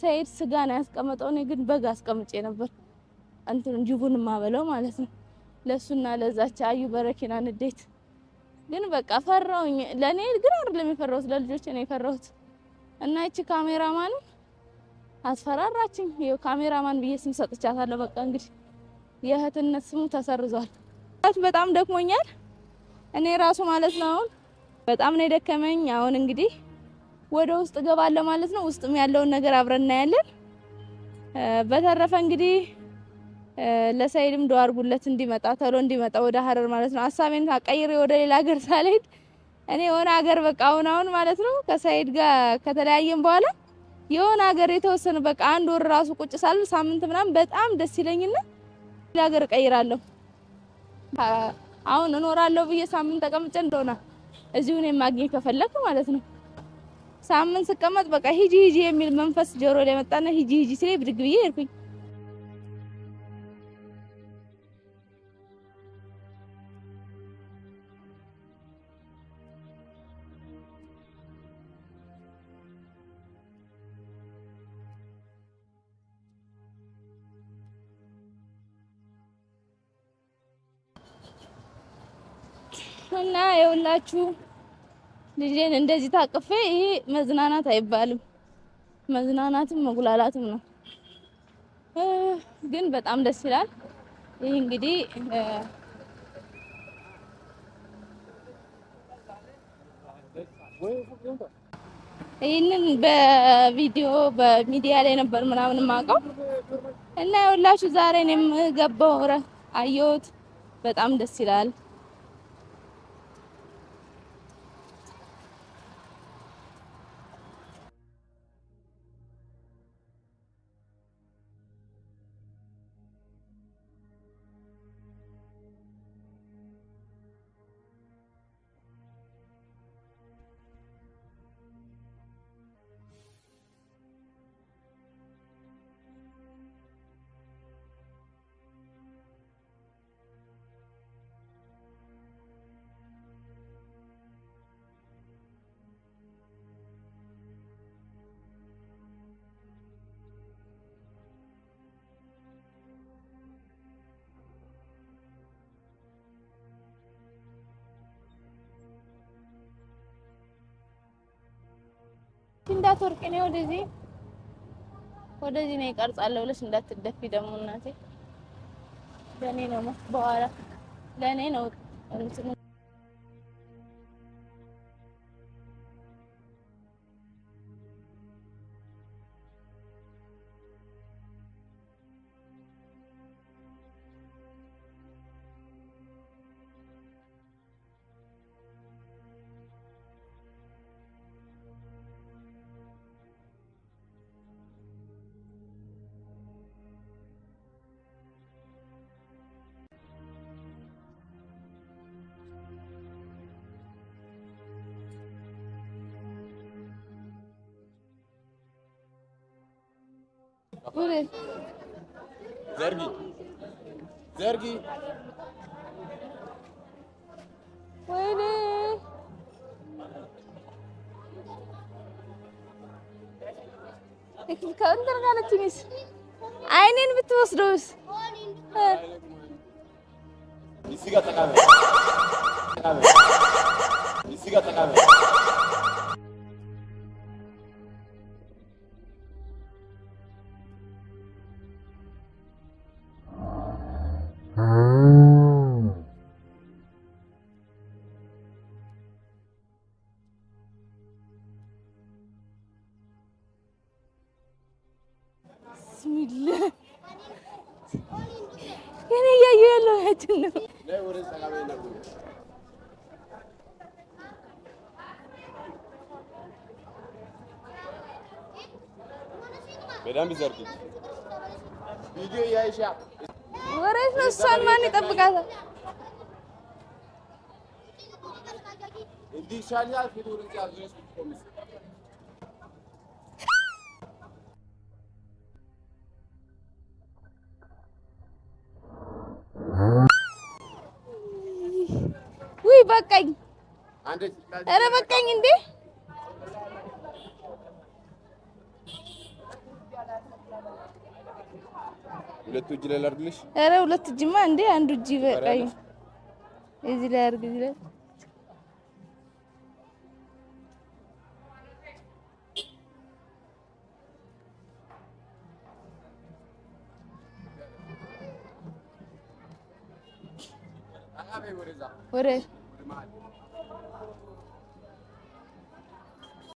ሰይድ ስጋ ነው ያስቀመጠው። እኔ ግን በግ አስቀምጬ ነበር እንትን ጅቡን ማበለው ማለት ነው። ለሱና ለዛች አዩ በረኪና ንዴት ግን በቃ ፈራውኝ። ለኔ ግን አይደለም የፈራሁት ለልጆቼ ነው የፈራሁት። እና እቺ ካሜራማን አስፈራራችኝ። ይኸው ካሜራማን ብዬ ስም ሰጥቻታለሁ። በቃ እንግዲህ የእህትነት ስሙ ተሰርዟል። በጣም ደክሞኛል እኔ ራሱ ማለት ነው። አሁን በጣም ነው የደከመኝ። አሁን እንግዲህ ወደ ውስጥ እገባለሁ ማለት ነው። ውስጥም ያለውን ነገር አብረን እናያለን። በተረፈ እንግዲህ ለሳይድም ዶ አርጉለት እንዲመጣ ተሎ እንዲመጣ ወደ ሀረር ማለት ነው። ሀሳቤን አቀይሬ ወደ ሌላ ሀገር ሳልሄድ እኔ የሆነ ሀገር በቃ አሁን አሁን ማለት ነው ከሳይድ ጋር ከተለያየም በኋላ የሆነ ሀገር የተወሰነ በቃ አንድ ወር ራሱ ቁጭ ሳል ሳምንት ምናምን በጣም ደስ ይለኝና ሌላ ሀገር እቀይራለሁ። አሁን እኖራለሁ ብዬ ሳምንት ተቀምጬ እንደሆነ እዚሁ እኔ ማግኘት ማለት ነው ሳምንት ስቀመጥ በቃ ሂጂ ሂጂ የሚል መንፈስ ጆሮ ላይ መጣና ሂጂ ሂጂ ሲለኝ ብድግ ብዬ ሄድኩኝ። እና የውላችሁ ልጄን እንደዚህ ታቅፌ ይሄ መዝናናት አይባልም። መዝናናትም መጉላላትም ነው፣ ግን በጣም ደስ ይላል። ይህ እንግዲህ ይህንን በቪዲዮ በሚዲያ ላይ ነበር ምናምን የማውቀው እና የሁላችሁ ዛሬ እኔም ገባሁ አየሁት። በጣም ደስ ይላል። እንዳትወርቂ ነው ወደዚህ ወደዚህ ነው ይቀርጻለሁ ብለሽ እንዳትደፊ ደግሞ እናቴ ለኔ ነው በኋላ ለኔ ነው ዘርጊ ዘርጊ። ወይኔ እንትን ካለችኝስ አይኔን ብትወስደውስ? እዚህ ጋር ተቃመጥ ብስሚላ እኔ እያዩ ያለው ያችን ነው። በደንብ ዘርግች ቪዲዮ ያይሻ ወሬት ነው። እሷን ማን ይጠብቃታል? እንዲህ ይሻልሻል ፊቱን እንጂ አዙሪስ bakayım. Ara bakayım indi. ሁለት እጅ ላይ ላድርግልሽ? ኧረ ሁለት እጅማ እንዴ! አንዱ እጅ በቃኝ። እዚህ ላይ አድርግ፣ እዚህ ላይ ወደ my